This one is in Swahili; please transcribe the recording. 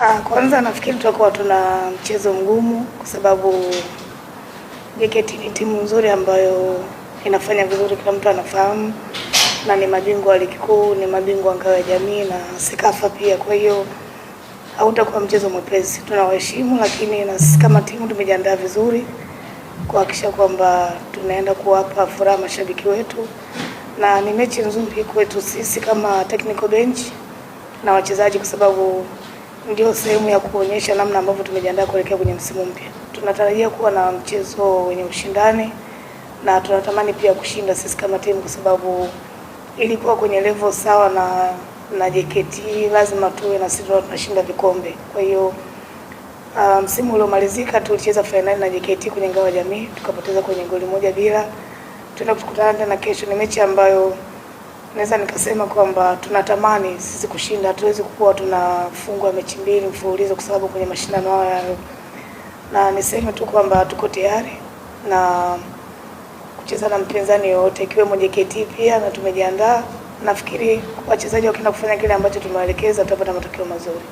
Ah, kwanza nafikiri tutakuwa tuna mchezo mgumu kwa sababu JKT ni timu nzuri ambayo inafanya vizuri, kila mtu anafahamu, na ni mabingwa wa ligi kuu, ni mabingwa ngao ya jamii na Sekafa pia. Kwa hiyo hautakuwa mchezo mwepesi, tunawaheshimu, lakini na sisi kama timu tumejiandaa vizuri kuhakikisha kwamba tunaenda kuwapa furaha mashabiki wetu, na ni mechi nzuri kwetu sisi kama technical bench na wachezaji kwa sababu ndio sehemu ya kuonyesha namna ambavyo tumejiandaa kuelekea kwenye msimu mpya. Tunatarajia kuwa na mchezo wenye ushindani na tunatamani pia kushinda sisi kama timu, kwa sababu ili kuwa kwenye level sawa na na JKT lazima tuwe na sisi tunashinda vikombe. Kwa hiyo ah, msimu um, uliomalizika tulicheza fainali na JKT kwenye ngao ya jamii tukapoteza kwenye goli moja bila. Tutaenda kukutana tena kesho, ni mechi ambayo naweza nikasema kwamba tunatamani sisi kushinda, hatuwezi kuwa tunafungwa mechi mbili mfululizo kwa sababu kwenye mashindano hayo, na niseme tu kwamba tuko tayari na kucheza na mpinzani yoyote ikiwemo JKT pia, na tumejiandaa. Nafikiri wachezaji wakienda kufanya kile ambacho tumewaelekeza tutapata matokeo mazuri.